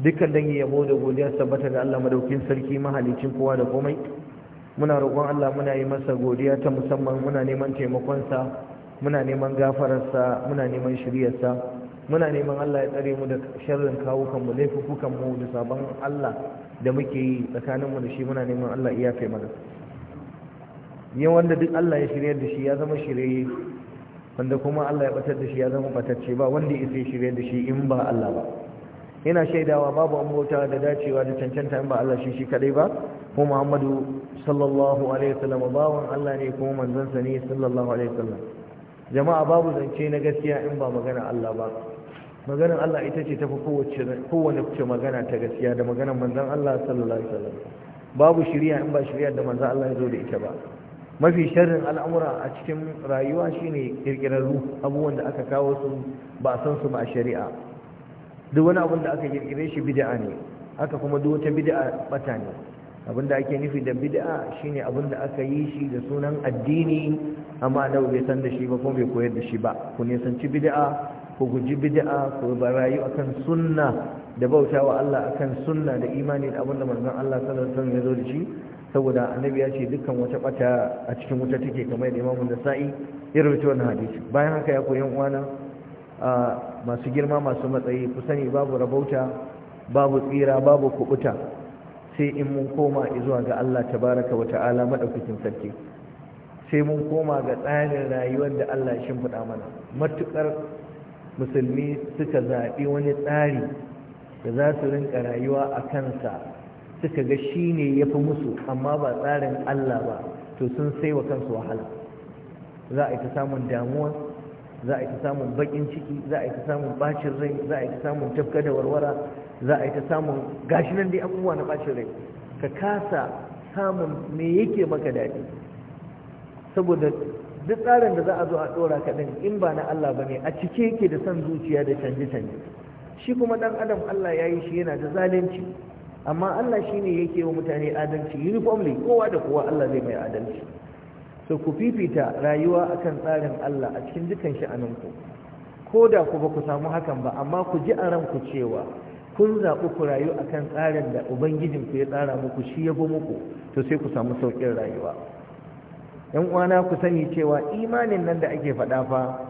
dukkan dangi yabo da godiya sabbata ga Allah madaukin sarki mahalicin kowa da komai muna roƙon Allah muna yi masa godiya ta musamman muna neman taimakonsa muna neman gafararsa muna neman shiryarsa muna neman Allah ya tsare mu da sharrin kan mu laifukan mu da sabon Allah da muke yi tsakanin mu da shi muna neman Allah ya yafe mana yin wanda duk Allah ya shiryar da shi ya zama shirye wanda kuma Allah ya batar da shi ya zama batacce ba wanda ya isa shiryar da shi in ba Allah ba ina shaidawa babu an da dacewa da cancanta in ba Allah shi shi kadai ba ko Muhammadu sallallahu alaihi wasallam bawan Allah ne kuma Manzansa ne sallallahu alaihi wasallam jama'a babu zance na gaskiya in ba magana Allah ba maganar Allah ita ce tafi kowace kowane ce magana ta gaskiya da maganar manzon Allah sallallahu alaihi wasallam babu shari'a in ba shari'a da manzon Allah ya zo da ita ba mafi sharrin al'amura a cikin rayuwa shine kirkirarru abubuwan da aka kawo su ba san su ba a shari'a duk wani abin da aka kirkire shi bid'a ne haka kuma duk wata bid'a bata ne abin da ake nufi da bid'a shine abin da aka yi shi da sunan addini amma da bai san da shi ba kuma bai koyar da shi ba ku nisanci bid'a ku guji bid'a ku barayu akan sunna da bautawa Allah akan sunna da imani da abin da manzon Allah sallallahu alaihi wasallam ya zo da shi saboda annabi ya ce dukkan wata bata a cikin wuta take kamar da imamu da sa'i irin wannan hadisi bayan haka ya koyan uwana A masu girma masu matsayi ku sani babu rabauta babu tsira babu kubuta sai in mun koma zuwa ga Allah Ta baraka wa ta'ala madaukakin sarki sai mun koma ga tsarin rayuwar da Allah ya shimfiɗa mana Matuƙar musulmi suka zaɓi wani tsari da za su rinka rayuwa a kansa suka ga shi ne ya fi musu amma ba tsarin Allah ba to sun sai wa kansu wahala za a yi samun damuwa za a yi ta samun bakin ciki za a yi ta samun bacin rai za a yi ta samun tafka da warwara za a yi ta samun gashi nan dai abubuwa na bacin rai ka kasa samun me yake maka daɗi saboda duk tsarin da za a zo a ɗora ka ɗin in ba na Allah ba ne a cike yake da son zuciya da canje-canje shi kuma ɗan adam Allah ya yi shi yana da zalunci amma Allah shi ne yake wa mutane adalci uniformly kowa da kowa Allah zai mai adalci so ku fifita rayuwa akan tsarin Allah a cikin dukan sha'aninku ko da ku ba ku samu hakan ba amma ku ji a ranku cewa kun zaɓi ku rayu akan tsarin da ubangijin ku ya tsara muku shi ya muku to sai ku samu sauƙin rayuwa yan uwana ku sani cewa imanin nan da ake faɗa fa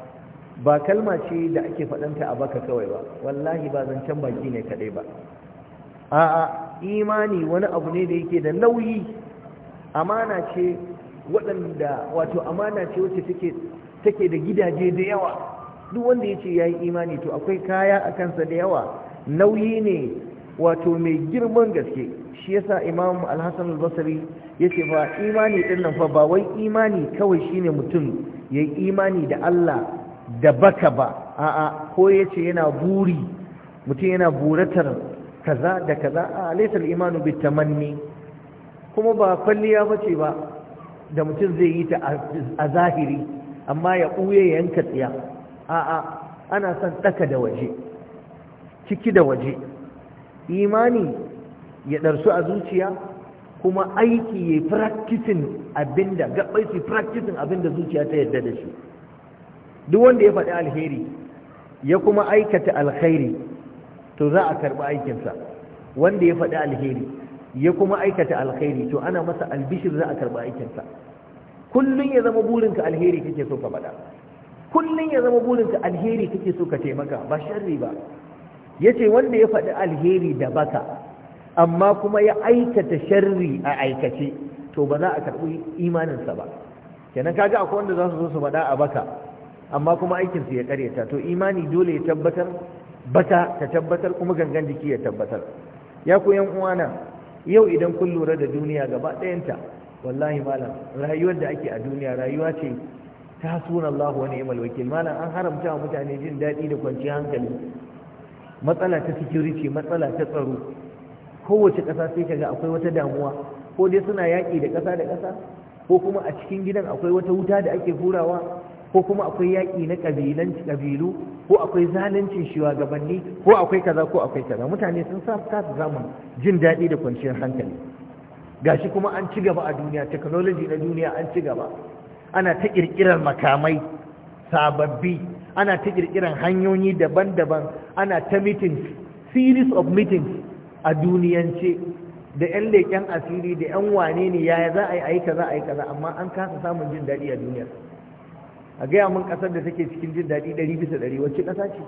ba kalma ce da ake faɗanta a baka kawai ba wallahi ba zancen baki ne kaɗai ba a'a imani wani abu ne da yake da nauyi amana ce waɗanda wato amana ce wacce take da gidaje da yawa duk wanda ya ce ya yi imani to akwai kaya a kansa da yawa nauyi ne wato mai girman gaske shi yasa imam alhassan albasari ya ce ba imani ɗin nan fa ba wai imani kawai shine mutum ya yi imani da allah da baka ba a'a ko ya ce yana buri mutum yana buratar kaza da kaza a laisar imanu bitamanni kuma ba kwalliya ce ba da mutum zai yi ta a zahiri amma ya ɓuye yanka tsiya a'a ana son ɗaka da waje ciki da waje imani ya ɗarsu a zuciya kuma aiki ya yi abin abinda gaɓai su abin abinda zuciya ta yadda da shi duk wanda ya faɗi alheri ya kuma aikata alheri to za a karɓi aikinsa wanda ya faɗi alheri ya kuma aikata alkhairi to ana masa albishir za a karba aikinsa kullun ya zama burinka alheri kake so ka faɗa kullun ya zama burinka alheri kake so ka taimaka ba sharri ba yace wanda ya faɗi alheri da baka amma kuma ya aikata sharri a aikace to ba za a karɓi imaninsa ba kenan kaga akwai wanda za su zo su faɗa a baka amma kuma aikinsu ya karyata to imani dole ya tabbatar baka ka tabbatar kuma gangan jiki ya tabbatar ya ku yan uwana yau idan kun lura da duniya gaba ɗayanta wallahi malam rayuwar da ake a duniya rayuwa ce ta suna Allah wa ni'mal wakil malam an haramta wa mutane jin daɗi da kwanciyar hankali matsala ta security matsala ta tsaro kowace ƙasa sai kaga akwai wata damuwa ko dai suna yaƙi da ƙasa da ƙasa ko kuma a cikin gidan akwai wata wuta da ake hurawa ko kuma akwai yaƙi na ƙabilanci ƙabilu ko akwai zaluncin shugabanni ko akwai kaza ko akwai kaza mutane sun sa kasa samun jin daɗi da kwanciyar hankali gashi kuma an ci gaba a duniya technology na duniya an ci gaba ana ta ƙirƙirar makamai sababbi ana ta ƙirƙirar hanyoyi daban-daban ana ta meetings series of meetings a duniyance da 'yan leƙen asiri da 'yan wane ne yaya za a yi aika za a yi kaza amma an kasa samun jin daɗi a duniyar a gaya mun ƙasar da take cikin jin daɗi ɗari bisa ɗari wacce ƙasa ce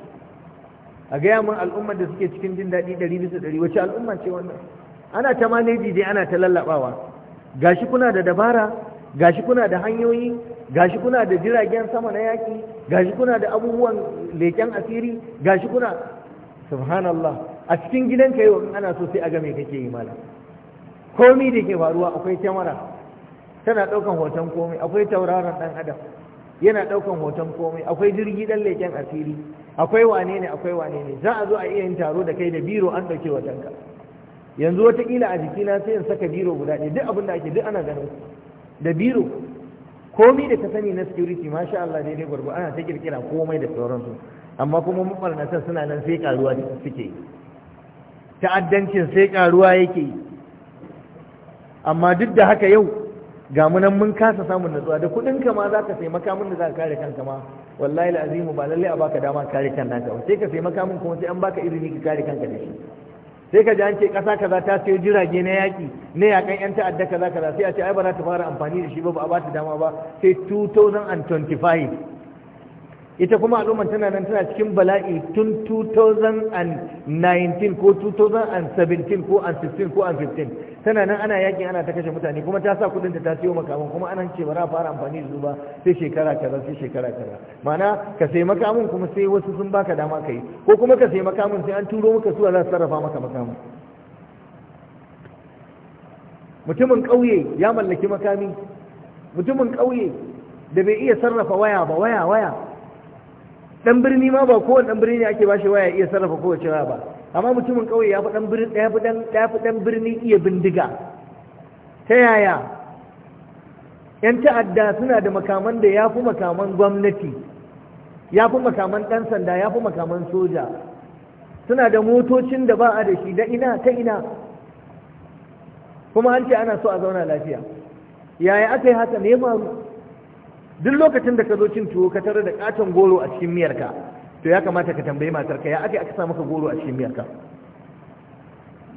a gaya mun al'ummar da suke cikin jin daɗi ɗari bisa ɗari wacce al'umma ce wannan ana ta maneji dai ana ta lallaɓawa gashi kuna da dabara gashi kuna da hanyoyi gashi kuna da jiragen sama na yaƙi gashi kuna da abubuwan leƙen asiri gashi kuna subhanallah a cikin gidanka yau ana so sai a ga me kake yi malam komi da ke faruwa akwai kyamara tana ɗaukan hoton komai akwai tauraron ɗan adam yana ɗaukan hoton komai akwai jirgi ɗan leƙen asiri akwai wane ne akwai wane ne za a zo a iya yin taro da kai da biro an ɗauke ka. yanzu wataƙila a jikina sai in saka biro guda ɗaya duk abin da ake duk ana ganin da biro komai da ka sani na security masha Allah daidai gwargwa ana ta kirkira komai da sauransu amma kuma mabarnatan suna nan sai karuwa suke ta'addancin sai karuwa yake amma duk da haka yau ga munan mun kasa samun natsuwa da kuɗin ka ma zaka sai makamin da zaka kare kanka ma wallahi alazim ba lalle a baka dama kare kan ba sai ka sai makamin kuma sai an baka izini ka kare kanka da shi sai ka ji an ce kasa kaza ta sayo jirage na yaki na yakan 'yan ta'adda kaza kaza sai a ce ai ba za ta fara amfani da shi ba ba a ba ta dama ba sai 2025 ita kuma al'ummar tana nan tana cikin bala'i tun 2019 ko 2017 ko 2016 ko 2015 tana nan ana yakin ana ta kashe mutane kuma ta sa kudin da ta siyo makamun kuma ana ce ba za fara amfani da su ba sai shekara kaza sai shekara kaza ma'ana ka sai makamun kuma sai wasu sun baka dama kai ko kuma ka sai makamun sai an turo maka suwa za su sarrafa maka makamun mutumin ƙauye ya mallaki makami mutumin ƙauye da bai iya sarrafa waya ba waya waya dan birni ma ba kowane dan birni ne ake bashi waya iya sarrafa kowace waya ba amma mutumin kauye ya fi dan birni ya fi dan ya fi dan birni iya bindiga ta yaya yan ta'adda suna da makaman da ya fi makaman gwamnati ya fi makaman dan sanda ya fi makaman soja suna da motocin da ba a da shi da ina ta ina kuma an ce ana so a zauna lafiya yaya aka yi haka ne ma duk lokacin da ka zo cin tuwo ka tare da katon goro a cikin miyarka to ya kamata ka tambayi matarka ya ake aka sa maka goro a cikin miyarka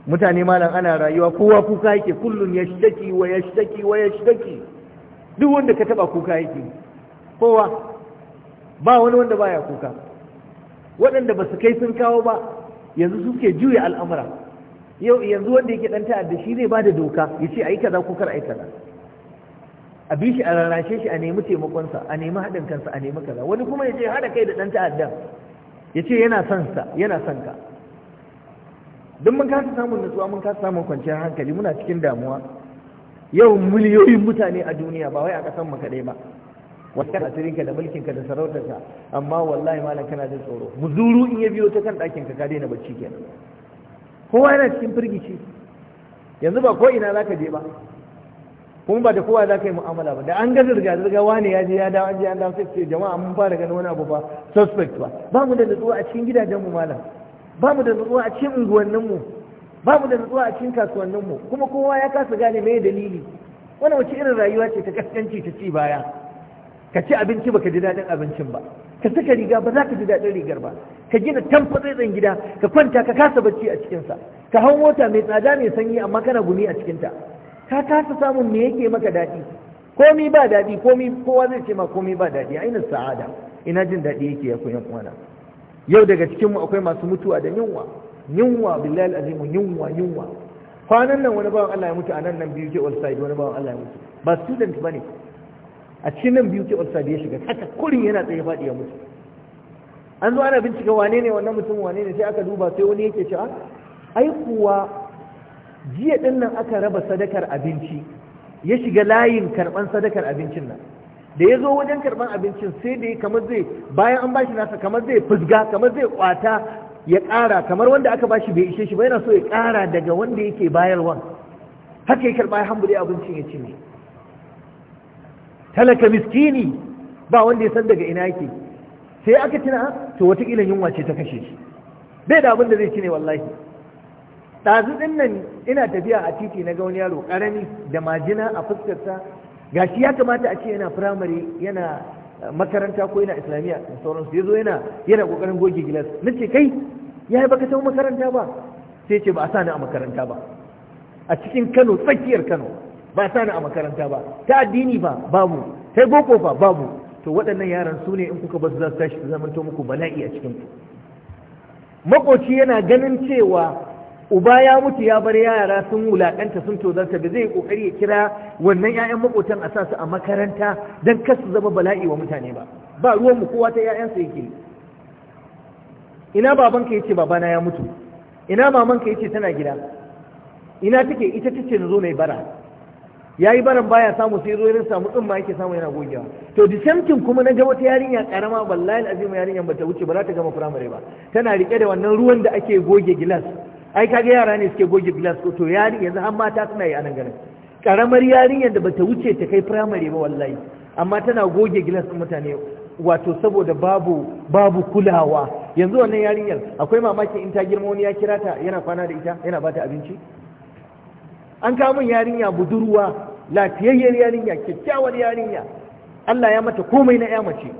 mutane malam ana rayuwa kowa kuka yake kullun shaki wa ya shaki wa ya shaki duk wanda ka taba kuka yake kowa ba wani wanda baya kuka waɗanda ba su kai sun kawo ba yanzu suke juya al'amura yau yanzu wanda yake dan ta'adda shi zai ba da doka ya ce a yi kaza ko kar a yi kaza a bi shi a rarrashe shi a nemi taimakonsa a nemi haɗin kansa a nemi kaza wani kuma ya ce haɗa kai da ɗan ta'addan ya ce yana son sa yana son ka don mun kasa samun nutsuwa mun kasa samun kwanciyar hankali muna cikin damuwa yau miliyoyin mutane a duniya ba wai a ƙasan mu kaɗai ba wata asirinka da ka da sarautarka amma wallahi malam kana da tsoro muzuru in ya biyo ta kan ɗakinka ka daina bacci kenan kowa yana cikin firgici yanzu ba ko ina za ka je ba kuma ba da kowa za ka yi mu'amala ba da an gaza zirga zirga wani ya je ya dawo an je an dawo sai ce jama'a mun fara ganin wani abu ba suspect ba ba mu da nutsuwa a cikin gidajen mu malam ba mu da nutsuwa a cikin unguwannin mu ba mu da nutsuwa a cikin kasuwannin mu kuma kowa ya kasa gane me dalili wannan wace irin rayuwa ce ta kaskanci ta ci baya ka ci abinci baka ji daɗin abincin ba ka saka riga ba za ka ji daɗin rigar ba ka gina tamfa tsatsen gida ka kwanta ka kasa bacci a cikinsa ka hau mota mai tsada mai sanyi amma kana gumi a cikinta ka kasa samun me yake maka dadi komi ba dadi komi kowa zai ce ma komi ba daɗi aina sa'ada ina jin dadi yake ya koyan kuma yau daga cikin mu akwai masu mutuwa da yunwa yunwa billahi alazim yunwa yunwa kwanan nan wani bawan Allah ya mutu a nan nan biyu ke Olside wani bawan Allah ya mutu ba student bane a cikin nan biyu ke Olside ya shiga haka kurin yana tsaye faɗi ya mutu an zo ana bincika wane ne wannan mutum wane ne sai aka duba sai wani yake cewa ai kuwa jiya ɗin nan aka raba sadakar abinci ya shiga layin karban sadakar abincin nan da ya zo wajen karɓan abincin sai da ya kamar zai bayan an bashi nasa kamar zai fusga kamar zai kwata ya ƙara kamar wanda aka bashi bai ishe shi ba yana so ya ƙara daga wanda yake bayarwa haka ya karɓa ya hambure abincin ya ci ne talaka miskini ba wanda ya san daga ina yake sai aka tuna to wataƙila yunwa ce ta kashe shi bai da abin da zai ci ne wallahi ɗazu ɗin nan ina tafiya a titi na ga wani yaro ƙarami da majina a fuskarsa gashi ya kamata a ce yana firamare yana eh, makaranta ko yana islamiyya da sauransu ya zo yana yana ƙoƙarin goge gilas na ce kai ya yi baka makaranta ba sai ce ba a sani a makaranta ba a cikin kano tsakiyar kano ba a sani a makaranta ba ta addini ba babu ta boko ba babu to waɗannan yaran su ne in kuka ba su za su tashi su zamanto muku bala'i a cikin ku makoci yana ganin cewa uba ya mutu ya bar yara sun wulaƙanta sun tozarta da zai kokari ya kira wannan 'ya'yan maƙotan a sa su a makaranta don kar su zama bala'i wa mutane ba ba ruwan mu kowa ta 'ya'yansa yake ina babanka yace babana ya mutu ina mamanka yace tana gida ina take ita tace na zo mai bara yayi baran baya samu sai zo irin samu din ma yake samu yana gogewa to the same thing kuma naga wata yarinya karama wallahi alazim yarinyar bata wuce ba za ta gama firamare ba tana rike da wannan ruwan da ake goge gilas ai kage yara ne suke goge glass ko to yari yanzu har mata suna yi a nan karamar yarinyar da bata wuce ta kai firamare ba wallahi amma tana goge glass din mutane wato saboda babu babu kulawa yanzu wannan yarinyar akwai mamakin in ta girma wani ya kira ta yana kwana da ita yana bata abinci an kawo min yarinya budurwa lafiyayyar yarinya kyakkyawar yarinya Allah ya mata komai na ya mace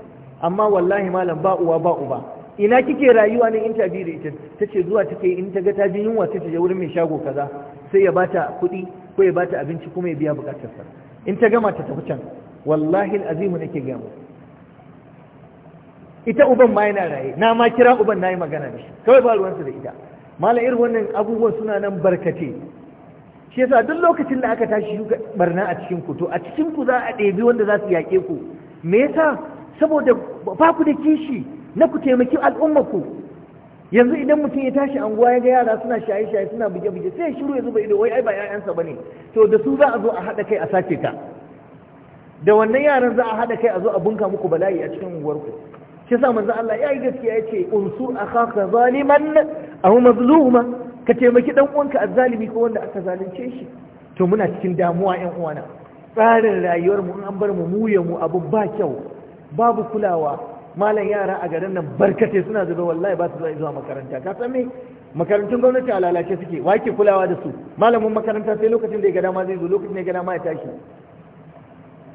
amma wallahi malam ba uwa ba uba ina kike rayuwa ne interview da ita ta zuwa take in ta ga ta ji yunwa ta je wurin mai shago kaza sai ya bata kuɗi ko ya bata abinci kuma ya biya sa? in ta gama ta tafi can wallahi alazim nake ga mu ita uban ma yana raye na ma kira uban nayi magana da shi kawai ba ruwansa da ita mala irin wannan abubuwan suna nan barkace shi yasa duk lokacin da aka tashi barna a cikin ku to a cikin ku za a ɗebi wanda za su yake ku me yasa saboda ba ku da kishi na ku taimaki al'ummarku yanzu idan mutum ya tashi anguwa ya ga yara suna shaye-shaye suna buge-buge sai ya shiru ya zuba ido wai ai ba 'ya'yansa bane to da su za a zo a haɗa kai a sace ka da wannan yaran za a haɗa kai a zo a bunka muku bala'i a cikin unguwarku shi sa manzo Allah ya yi gaskiya ya ce unsu akhaka zaliman aw mazluma ka taimaki dan uwanka azzalimi ko wanda aka zalunce shi to muna cikin damuwa ƴan uwana tsarin rayuwar mu in an bar mu muya mu abu ba kyau babu kulawa malam yara a garin nan barkate suna zuba wallahi ba su zuwa zuwa makaranta ka san me makarantun gwamnati a lalace suke wake kulawa da su malamin makaranta sai lokacin da ya gada ma zai zo lokacin da ya gada ma ya tashi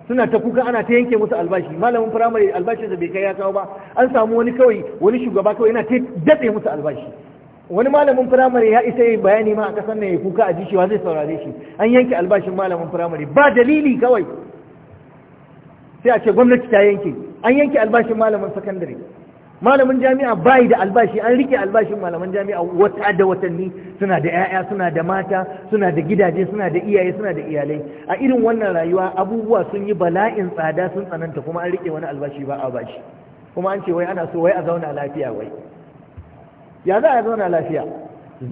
suna ta kuka ana ta yanke musu albashi malamin firamare albashin da bai kai ya kawo ba an samu wani kawai wani shugaba kawai yana ta datse musu albashi wani malamin firamare ya isa yi bayani ma a kasar nan ya kuka a jishewa zai saurare shi an yanke albashin malamin firamare ba dalili kawai sai a ce gwamnati ta yanke an yanke albashin malamin sakandare malamin jami'a bai da albashi an rike albashin malaman jami'a wata da watanni suna da 'ya'ya suna da mata suna da gidaje suna da iyaye suna da iyalai a irin wannan rayuwa abubuwa sun yi bala'in tsada sun tsananta kuma an rike wani albashi ba a bashi kuma an ce wai ana so wai a zauna lafiya wai ya za a zauna lafiya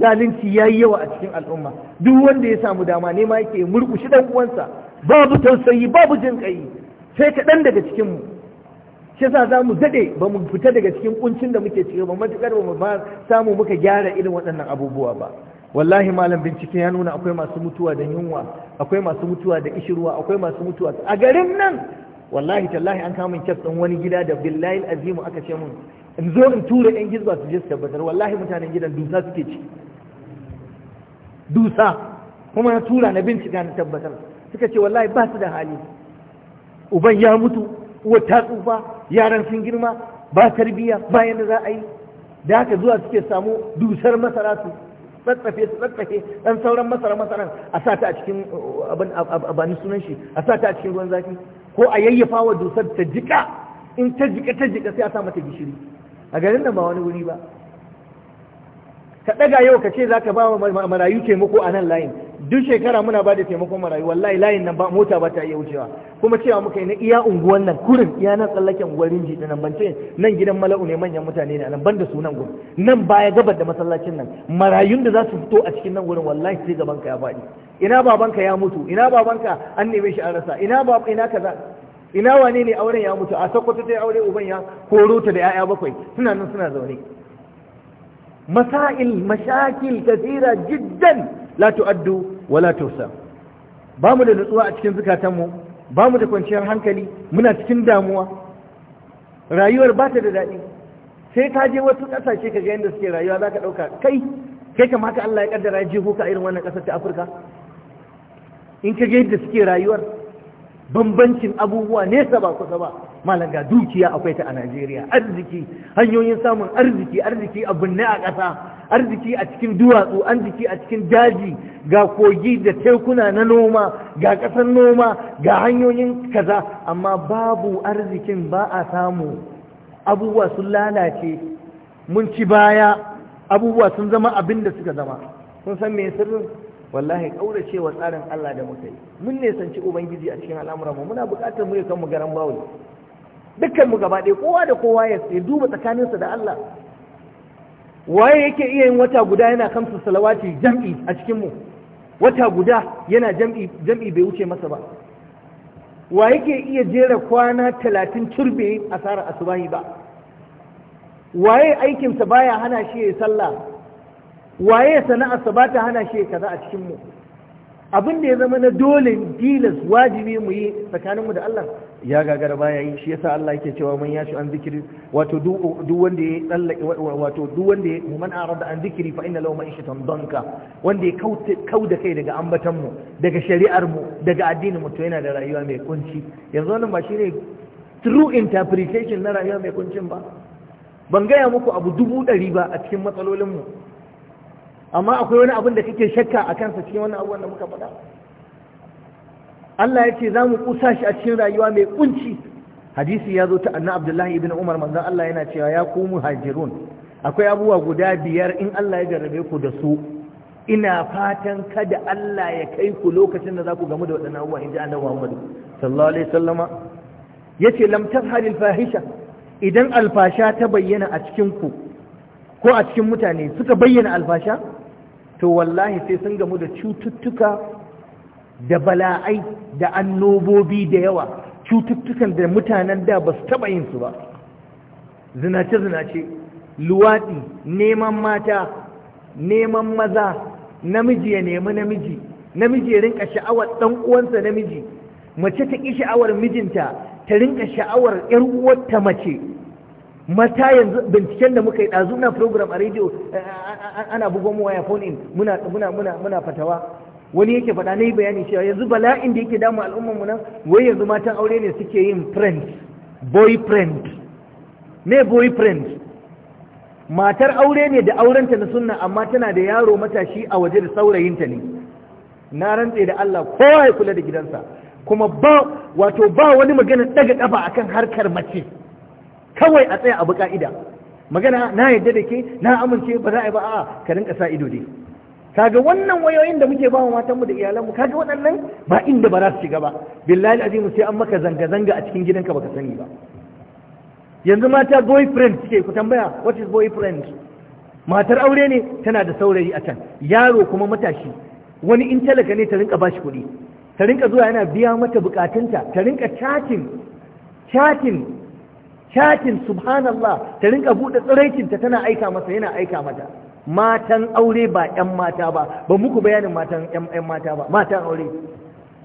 zalunci ya yi yawa a cikin al'umma duk wanda ya samu dama nema yake murkushi dan uwansa babu tausayi babu jin kai sai kaɗan daga cikinmu shi yasa za mu daɗe ba mu fita daga cikin kuncin da muke ciki ba matuƙar ba mu ba samu muka gyara irin waɗannan abubuwa ba wallahi malam bincike ya nuna akwai masu mutuwa da yunwa akwai masu mutuwa da kishirwa, akwai masu mutuwa a garin nan wallahi tallahi an kama kyaf ɗin wani gida da billahi azimu aka ce mun in zo in tura yan gizba su je su tabbatar wallahi mutanen gidan dusa suke ci dusa kuma na tura na bincika na tabbatar suka ce wallahi ba su da hali uban ya mutu uwar ta tsufa yaran sun girma ba tarbiyya ba yadda za a yi da haka zuwa suke samu dusar masara su tsattsafe su tsattsafe dan sauran masara masaran a sa ta a cikin uh, abin sunan shi a sa a cikin ruwan zafi ko a yayyafa wa dusar ta jika in ta jika ta jika sai a sa mata gishiri a garin nan ba wani wuri ba ka ɗaga yau ka ce zaka ba marayu taimako a nan layin duk shekara muna ba da taimakon marayu wallahi layin nan ba mota ba ta iya wucewa kuma cewa muka yi na iya unguwan nan kurin iya na tsallaken gwarin jita nan ban nan gidan mala'u ne manyan mutane ne nan banda sunan gurin nan baya gabar da masallacin nan marayun da za su fito a cikin nan wurin, wallahi sai gaban ka ya faɗi ina babanka ya mutu ina babanka an neme shi an rasa ina ba ina kaza ina wane ne auren ya mutu a sakkwato ta aure uban ya koro ta da 'ya'ya bakwai suna nan suna zaune masail mashakil kasira jiddan la tu'addu wa la tuhsa ba mu da nutsuwa a cikin zukatanmu ba mu da kwanciyar hankali muna cikin damuwa rayuwar ba ta da daɗi sai ka je wasu kasashe ka ga yadda suke rayuwa za ka ɗauka kai kai kamata Allah ya kaddara ji huka ka irin wannan ƙasar ta Afirka in ka ga yadda suke rayuwar bambancin abubuwa nesa ba kusa ba malam ga dukiya akwai ta a Najeriya arziki hanyoyin samun arziki arziki abun ne a ƙasa arziki a cikin duwatsu arziki a cikin daji ga kogi da tekuna na noma ga ƙasar noma ga hanyoyin kaza amma babu arzikin ba a samu abubuwa sun lalace mun ci baya abubuwa sun zama abin da suka zama sun san me sirrin wallahi kauracewa tsarin Allah da muka yi mun ne sanci ubangiji a cikin al'amuran mu muna buƙatar mu ya san mu garan bawo dukkan mu gaba ɗaya kowa da kowa ya duba tsakaninsa da Allah waye yake iya yin wata guda yana kamsu salawati jam'i a cikinmu wata guda yana jam'i jam'i bai wuce masa ba wa yake iya jera kwana talatin turbe asarar asubahi ba waye aikinsa baya hana shi ya yi sallah waye sana'arsa ba ta hana shi ya kaza a cikinmu abin da ya zama na dole tilas wajibi mu yi tsakaninmu da Allah ya gagara baya yi shi yasa Allah yake cewa man yashi an zikiri wato duk wanda ya tsallake wato duk wanda ya man arada an zikiri fa inna lahu ma'ishatan danka wanda ya kauda kai daga ambatan mu daga shari'ar mu daga addinin mu to yana da rayuwa mai kunci yanzu wannan ba shine true interpretation na rayuwa mai kuncin ba ban gaya muku abu dubu ɗari ba a cikin matsalolin mu amma akwai wani abin da kake shakka a kansa cikin wannan abubuwan da muka faɗa Allah ya ce za mu kusa shi a cikin rayuwa mai kunci hadisi ya zo ta anna abdullahi ibn umar manzon Allah yana cewa ya ku muhajirun akwai abubuwa guda biyar in Allah ya jarrabe ku da su ina fatan kada Allah ya kai ku lokacin da za ku gamu da waɗannan abubuwa in ji annabi Muhammad sallallahu alaihi wasallama yace lam tazharil fahisha idan alfasha ta bayyana a cikin ku ko a cikin mutane suka bayyana alfasha to wallahi sai sun gamu da cututtuka da bala'ai da annobobi da yawa cututtukan da mutanen da ba su taɓa yin su ba zinace-zinace luwaɗi neman mata neman maza namiji ya nemi namiji namiji ya rinka sha'awar ɗan uwansa namiji mace ta ƙi sha'awar mijinta ta rinka sha'awar 'yar uwarta mace mata yanzu binciken da muka yi ɗazu na program a radio ana bugon mu waya phone in muna muna muna muna fatawa wani yake faɗa na yi bayani cewa yanzu bala'in da yake damu al'ummar mu nan wai yanzu matan aure ne suke yin friend boyfriend me boyfriend matar aure ne da aurenta na sunna amma tana da yaro matashi a waje da saurayinta ne na rantse da Allah kowa ya kula da gidansa kuma ba wato ba wani magana daga kafa akan harkar mace kawai a tsaya abu ka'ida magana na yadda da ke na amince ba za a yi ba a'a ka rinka sa ido dai kaga wannan wayoyin da muke ba wa matanmu da iyalanmu kaga waɗannan ba inda ba za su shiga ba billahi azim sai an maka zanga zanga a cikin gidanka baka sani ba yanzu mata boyfriend suke ku tambaya what is boyfriend matar aure ne tana da saurayi a can yaro kuma matashi wani in talaka ne ta rinka ba shi kuɗi ta rinka zuwa yana biya mata bukatunta ta rinka chatting chatting Shakin subhanallah ta rinka buɗe tsiraicinta tana aika masa yana aika mata matan aure ba 'yan mata ba ba muku bayanin matan 'yan mata ba matan aure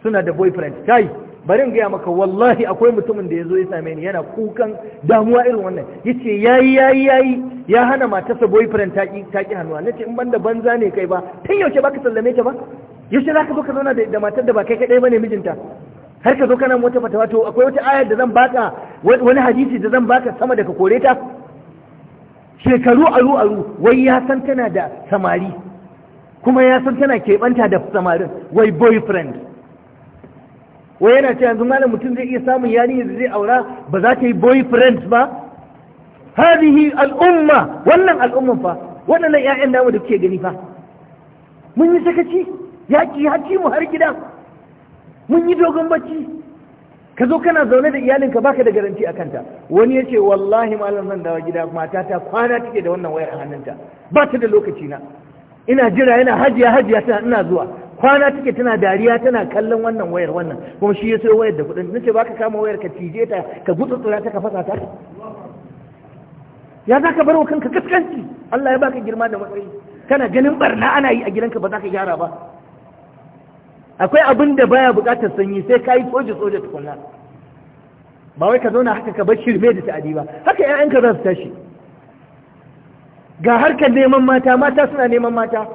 suna da boyfriend kai bari gaya maka wallahi akwai mutumin da ya zo ya same ni yana kukan damuwa irin wannan ya ce ya yi ya yi ya hana matarsa boyfriend ta ki hannuwa na ce in banda banza ne kai ba tun yaushe ba ka sallame ta ba yaushe za ka zo ka zauna da matar da ba kai kaɗai ba ne mijinta har ka zo kana wata fatawa to akwai wata ayar da zan baka wani hadisi da zan baka sama da ka kore ta shekaru aru aru wai ya san tana da samari kuma ya san tana keɓanta da samarin wai boyfriend wai yana ce yanzu malam mutum zai iya samun yari da zai aura ba za ta yi boyfriend ba hadihi al'umma wannan al'umman fa waɗannan 'ya'yan namu da kuke gani fa mun yi sakaci yaki har mu har gida mun yi dogon bacci ka zo kana zaune da iyalinka baka da garanti a kanta wani ya ce wallahi malam zan dawo gida matata kwana take da wannan wayar a hannunta ba ta da lokaci na ina jira yana hajiya hajiya tana ina zuwa kwana take tana dariya tana kallon wannan wayar wannan kuma shi ya sayo wayar da kudin nace baka kama wayar ka cije ta ka gutsutsura ta ka fasa ta ya ka bar wa kanka kaskanci Allah ya baka girma da matsayi kana ganin barna ana yi a gidanka ba za ka gyara ba akwai abin da baya bukatar sanyi sai ka yi soja soja tukunna ba wai ka zauna haka ka bar shirme da ta'adi ba haka ƴaƴanka za su tashi ga harkar neman mata mata suna neman mata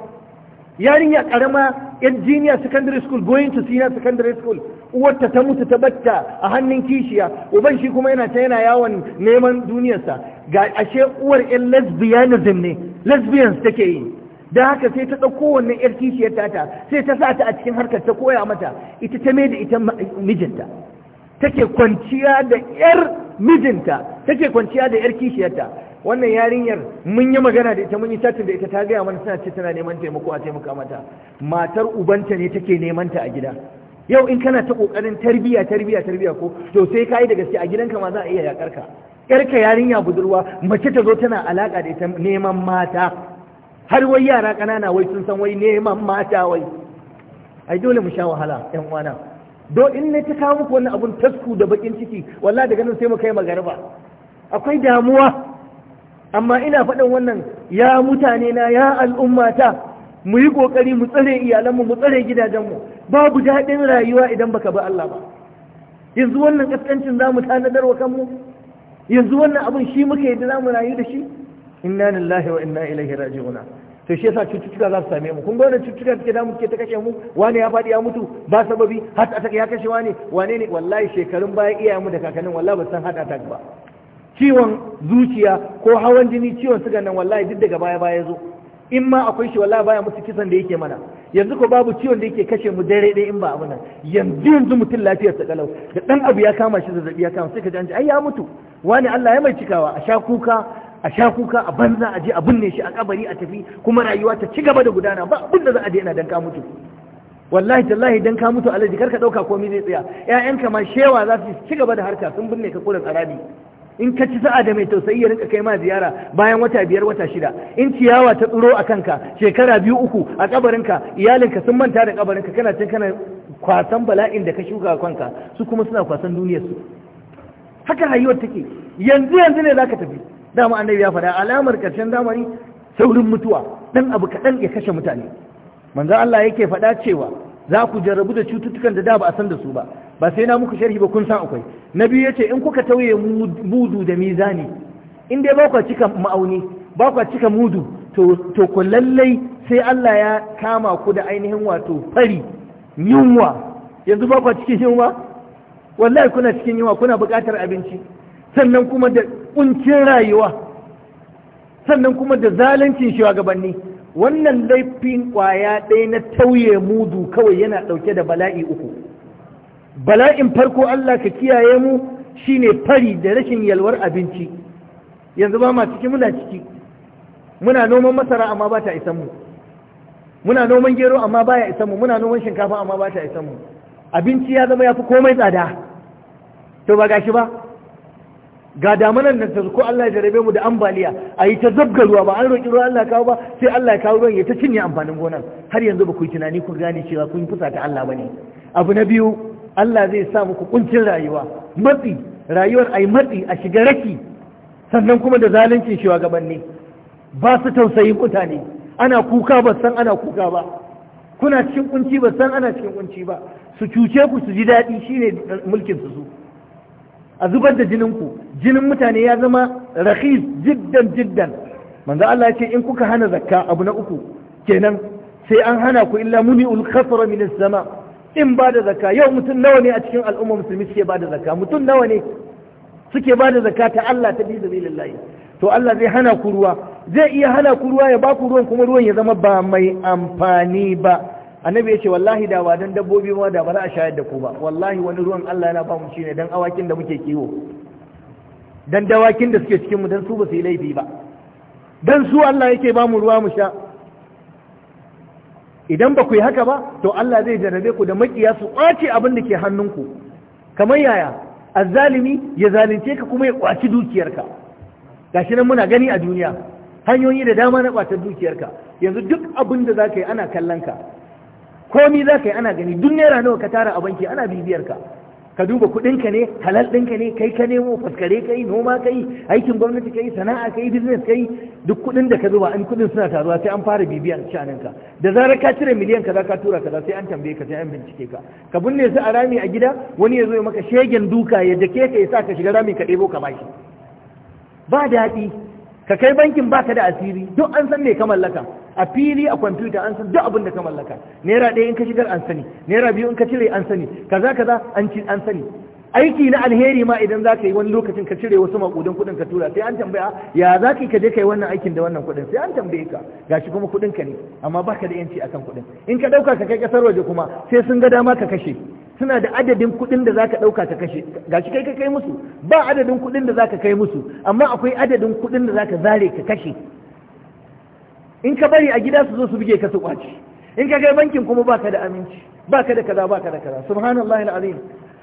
yarinya karama ƴan junior secondary school going to senior secondary school uwarta ta mutu ta batta a hannun kishiya uban shi kuma yana ta yana yawon neman duniyarsa ga ashe uwar yan lesbianism ne lesbians take yi da haka sai ta ɗauko wannan yar kishiyar tata sai ta sa a cikin harkar ta koya mata ita ta mai da ita mijinta take kwanciya da yar mijinta take kwanciya da yar kishiyarta wannan yarinyar mun yi magana da ita mun yi satin da ita ta gaya mana suna ce tana neman taimako a taimaka mata matar ubanta ne take neman ta a gida yau in kana ta kokarin tarbiya tarbiya tarbiya ko to sai kai da gaske a gidanka ma za a iya yakarka ka yarka yarinya budurwa mace ta zo tana alaka da ita neman mata har wai yara ƙanana wai sun san wai neman mata wai ai dole mu sha wahala 'yan uwana do in ne ta kawo muku wannan abun tasku da bakin ciki wallahi daga nan sai mu kai magariba akwai damuwa amma ina faɗin wannan ya mutane na ya al'ummata mu yi ƙoƙari mu tsare iyalanmu mu tsare gidajenmu babu daɗin rayuwa idan baka bi Allah ba yanzu wannan kaskancin za mu tanadar wa kanmu yanzu wannan abun shi muka yi da za mu rayu da shi inna lillahi wa inna ilaihi raji'una to shi yasa cututtuka za su same mu kun ga wannan cututtuka suke damu suke ta kashe mu wani ya faɗi ya mutu ba sababi har ta ya kashe wani wane ne wallahi shekarun baya iyayen mu da kakannin wallahi ba san hada ta ba ciwon zuciya ko hawan jini ciwon suga nan wallahi duk daga baya baya zo in ma akwai shi wallahi baya mutu kisan da yake mana yanzu ko babu ciwon da yake kashe mu dare dai in ba abu nan yanzu yanzu mutum lafiyar sa kalau da dan abu ya kama shi zazzabi ya kama sai ka ji an ji ai ya mutu wani Allah ya mai cikawa a sha kuka a sha kuka a banza a je a binne shi a kabari a tafi kuma rayuwa ta ci gaba da gudana ba abin da za a daina dan ka mutu wallahi tallahi dan ka mutu alaji ka dauka komai zai tsaya ƴaƴanka ma shewa za su ci gaba da harka sun binne ka kula arabi in ka ci sa'a da mai tausayi ya rinka kai ma ziyara bayan wata biyar wata shida in ciyawa ta tsiro a kanka shekara biyu uku a kabarinka iyalinka sun manta da ka kana can kana kwasan bala'in da ka shuka kanka su kuma suna kwasan duniyar su. haka rayuwar take yanzu yanzu ne zaka tafi dama annabi ya faɗa alamar karshen zamani saurin mutuwa dan abu kaɗan ya kashe mutane manzo Allah yake faɗa cewa za ku jarrabu da cututtukan da da ba a san da su ba ba sai na muku sharhi ba kun san akwai na biyu ce, in kuka tauye mudu da mizani in dai ba ku cika ma'auni ba ku cika mudu to to ku lallai sai Allah ya kama ku da ainihin wato fari yunwa yanzu ba ku cikin yunwa wallahi kuna cikin yunwa kuna buƙatar abinci sannan kuma da kuncin rayuwa sannan kuma da zaluncin shugabanni wannan laifin kwaya ɗaya na tauye mudu kawai yana ɗauke da bala'i uku bala'in farko Allah ka kiyaye mu shine fari da rashin yalwar abinci yanzu ba ma ciki muna ciki muna noman masara amma ba ta isan mu muna noman gero amma baya isan mu muna noman shinkafa amma ba ta isan mu abinci ya zama ya fi komai tsada to ba gashi ba ga damunan nan ta ko Allah ya jarabe mu da ambaliya a yi ta zabga ruwa ba an roƙi ruwa Allah kawo ba sai Allah ya kawo ruwan ya ta cinye amfanin gonan har yanzu ba ku yi tunani ku gane cewa kun fusa ta Allah bane abu na biyu Allah zai sa muku kuncin rayuwa matsi rayuwar ai matsi a shiga raki sannan kuma da zaluncin shugabanni ba su tausayin mutane ana kuka ba san ana kuka ba kuna cikin kunci ba san ana cikin kunci ba su cuce ku su ji daɗi shine mulkin su su a zubar da jininku jinin mutane ya zama rahis jiddan jiddan manzo Allah ya ce in kuka hana zakka abu na uku kenan sai an hana ku illa muni ul khasra min sama in ba da zakka yau mutum nawa ne a cikin al'umma musulmi suke ba da zakka mutum nawa ne suke ba da zakka ta Allah ta bi sabilillahi to Allah zai hana ku ruwa zai iya hana ku ruwa ya ba ku ruwan kuma ruwan ya zama ba mai amfani ba annabi ya ce wallahi da ba don dabbobi ma da ba za a shayar da ku ba wallahi wani ruwan Allah yana ba mu shi ne dan awakin da muke kiwo dan dawakin da suke cikin mu dan su ba su yi laifi ba dan su Allah yake ba mu ruwa mu sha idan ba ku yi haka ba to Allah zai jarabe ku da makiya su kwace abin da ke hannunku kamar yaya azzalimi ya zalunce ka kuma ya kwaci dukiyarka gashi nan muna gani a duniya hanyoyi da dama na kwatar dukiyarka yanzu duk abin da za yi ana kallon ka komi za ka yi ana gani duk naira nawa ka tara a banki ana bibiyar ka ka duba kuɗinka ne halal ɗinka ne kai ka nemo faskare kai noma kai aikin gwamnati kai sana'a kai business kai duk kuɗin da ka zuba an kuɗin suna taruwa sai an fara bibiyar ka da zarar ka cire miliyan kaza ka tura kaza sai an tambaye ka sai an bincike ka ka binne su a rami a gida wani ya zo ya maka shegen duka ya jake ka ya sa ka shiga rami ka ɗebo ka bashi ba daɗi ka kai bankin baka da asiri duk an san me ka mallaka a fili a kwamfuta an san duk abin da ka mallaka naira ɗaya in ka shigar an sani naira biyu in ka cire an sani kaza kaza an ci an sani aiki na alheri ma idan za ka yi wani lokacin ka cire wasu maƙudan kuɗin ka tura sai an tambaya ya za ka je ka yi wannan aikin da wannan kuɗin sai an tambaye ka gashi kuma kuɗin ka ne amma baka da yanci akan kuɗin in ka dauka ka kai ƙasar waje kuma sai sun ga dama ka kashe suna da adadin kuɗin da za ka ɗauka ka kashe gashi kai ka kai musu ba adadin kuɗin da za ka kai musu amma akwai adadin kuɗin da za ka zare ka kashe in ka bari a gida su zo su buge ka su kwaci in ka kai bankin kuma baka da aminci baka da kaza baka da kaza subhanallahi alazim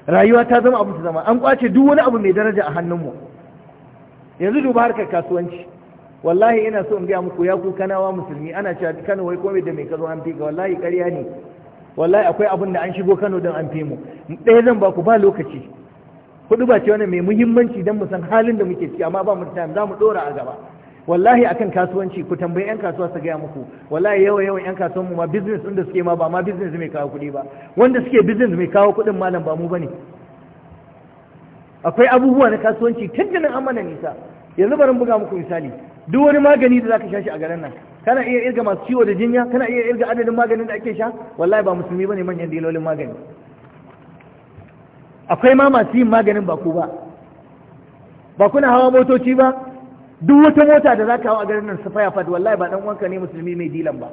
rayuwa ta zama abu ta zama an kwace duk wani abu mai daraja a hannun mu yanzu duba harkar kasuwanci wallahi ina so in gaya muku ya ku kanawa musulmi ana cewa Kano wai komai da mai kazo an fi ga wallahi ƙarya ne wallahi akwai abin da an shigo Kano don an fi mu ɗaya zan ba ku ba lokaci hudu ba ce wani mai muhimmanci don mu san halin da muke ciki amma ba mu da za mu ɗora a gaba wallahi akan kasuwanci ku tambayi yan kasuwa su gaya muku wallahi yawa yawan yan kasuwan mu ma business din da suke ma ba ma business mai kawo kuɗi ba wanda suke business mai kawo kuɗin malam ba mu bane akwai abubuwa na kasuwanci tattalin amana nisa yanzu bari buga muku misali duk wani magani da zaka sha shi a garin nan kana iya irga masu ciwo da jinya kana iya irga adadin maganin da ake sha wallahi ba musulmi bane manyan dilolin magani akwai ma masu yin maganin ba ku ba ba kuna hawa motoci ba duk wata mota da za ka hau a garin nan safaya fad wallahi ba dan uwanka ne musulmi mai dilan ba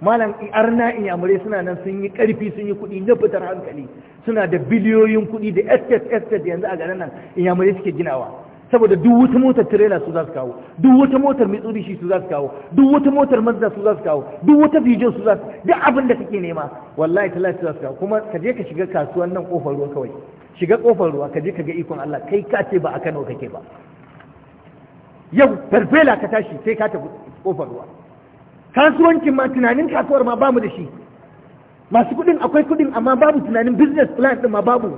malam arna amure suna nan sun yi karfi sun yi kuɗi na fitar hankali suna da biliyoyin kuɗi da estate estate yanzu a garin nan in amure suke ginawa saboda duk wata motar trailer su za su kawo duk wata motar mitsubishi su za su kawo duk wata motar mazda su za su kawo duk wata fijo su za su duk abin da kake nema wallahi ta su za su kawo kuma ka je ka shiga kasuwan nan kofar ruwa kawai shiga kofar ruwa ka je ka ga ikon Allah kai ka ce ba a Kano kake ba yau farfela ka tashi sai ka tafi kofar ruwa kasuwancin ma tunanin kasuwar ma bamu da shi masu kudin akwai kudin amma babu tunanin business plan din ma babu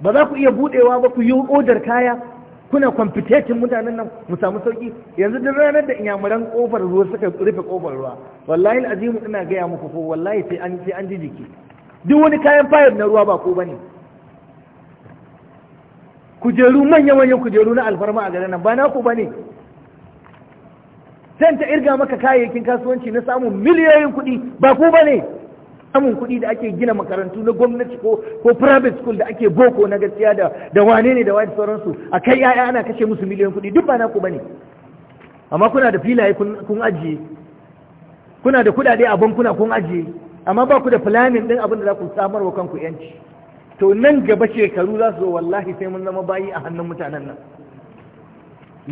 ba za ku iya budewa ba ku yi odar kaya kuna kwamfitetin mutanen nan mu samu sauki yanzu duk ranar da inyamuran kofar ruwa suka rufe kofar ruwa wallahi azimu ina gaya muku ko wallahi sai an sai an ji jiki duk wani kayan fayar na ruwa ba ko bane kujeru manya-manyan kujeru na alfarma a garin nan ba naku ba ne zan ta irga maka kayayyakin kasuwanci na samun miliyoyin kuɗi ba ku ba ne samun kuɗi da ake gina makarantu na gwamnati ko ko private school da ake boko na gaskiya da da wane ne da wani sauransu a kai yaya ana kashe musu miliyoyin kuɗi duk ba naku ba ne amma kuna da filaye kun ajiye kuna da kuɗaɗe a bankuna kun ajiye amma ba ku da planning ɗin abin da za ku samarwa kanku yanci to nan gaba shekaru za su zo wallahi sai mun zama bayi a hannun mutanen nan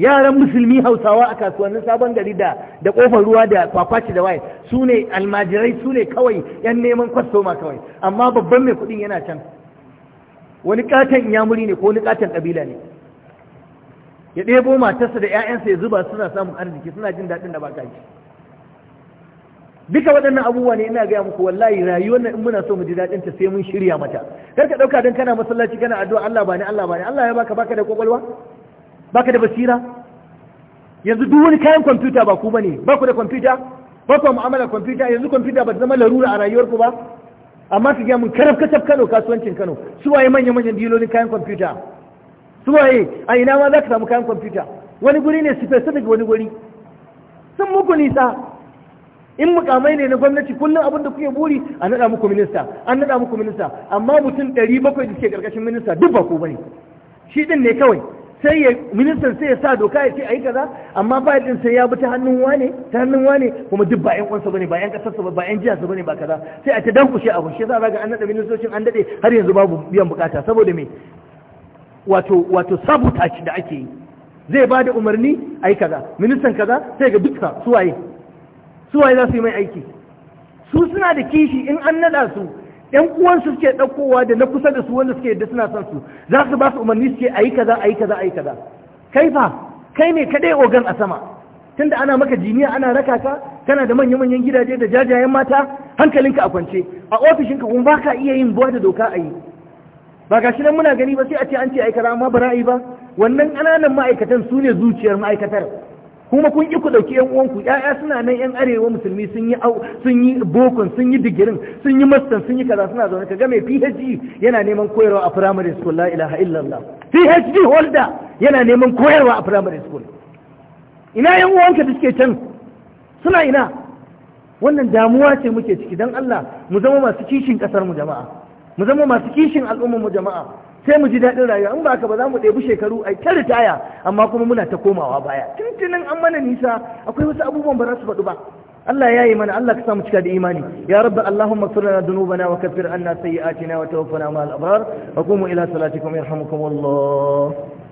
yaran musulmi hausawa a kasuwannin sabon gari da da kofar ruwa da kwakwaci da waye su ne almajirai su ne kawai yan neman kwastoma kawai amma babban mai kuɗin yana can wani katon yamuri ne ko wani katon kabila ne ya ɗebo matarsa da 'ya'yansa ya zuba suna samun arziki suna jin daɗin da ba ka duka waɗannan abubuwa ne ina gaya muku wallahi rayuwar nan in muna so mu ji daɗin ta sai mun shirya mata kar ka ɗauka don kana masallaci kana addu'a Allah ba ne Allah ba ne Allah ya baka baka da kwakwalwa baka da basira yanzu duk wani kayan kwamfuta ba ku bane ba ku da kwamfuta ba ku mu'amala kwamfuta yanzu kwamfuta ba ta zama larura a rayuwar ku ba amma su gaya mun karaf kasaf Kano kasuwancin Kano su waye manyan manyan dilolin kayan kwamfuta su waye a ina ma za ka samu kayan kwamfuta wani guri ne su fesa daga wani guri sun muku nisa in mukamai ne na gwamnati kullum abin da kuke buri a naɗa muku minista an naɗa muku minista amma mutum ɗari bakwai da ke ƙarƙashin minista duk ba ku bane shi ɗin ne kawai sai ya ministan sai ya sa doka ya ce ayi kaza amma ba din sai ya bi ta hannun wane ta hannun wane kuma duk ba ƴan uwansa bane ba ƴan kasarsa ba ba ƴan jiharsa bane ba kaza sai a ta dankushe abu shi za ga an naɗa ministocin an daɗe har yanzu babu biyan bukata saboda me wato wato sabuta shi da ake yi zai ba da umarni ayi kaza ministan kaza sai ga dukka suwaye su waye za su yi mai aiki su suna da kishi in an nada su yan uwansu suke ɗaukowa da na kusa da su wanda suke yadda suna son su za su ba su umarni suke a yi kaza a yi kaza a yi kaza kai fa kai ne kaɗai ogan a sama tunda ana maka jiniya ana raka ka kana da manyan manyan gidaje da jajayen mata hankalinka a kwance a ofishinka kuma baka iya yin buwa da doka a yi. ba gashi nan muna gani ba sai a ce an ce aikata amma ba ra'ayi ba wannan ƙananan ma'aikatan su ne zuciyar ma'aikatar kuma kun ki ku dauki yan uwanku 'ya'ya suna nan yan arewa musulmi sun yi sun yi bokon sun yi digirin sun yi master sun yi kaza suna zaune kaga mai PhD yana neman koyarwa a primary school la ilaha illallah PhD holder yana neman koyarwa a primary school ina yan uwanka da suke can suna ina wannan damuwa ce muke ciki dan Allah mu zama masu kishin kasar mu jama'a mu zama masu kishin al'ummar mu jama'a sai mu ji daɗin rayuwa in ba haka ba za mu ɗebi shekaru a ta ritaya amma kuma muna ta komawa baya tuntunin an mana nisa akwai wasu abubuwan ba za su faɗu ba Allah ya yi mana Allah ka samu cika da imani ya rabbi Allahumma ighfir lana dhunubana wa kaffir anna sayyi'atina wa tawaffana ma'al abrar wa qumu ila salatikum yarhamukum Allah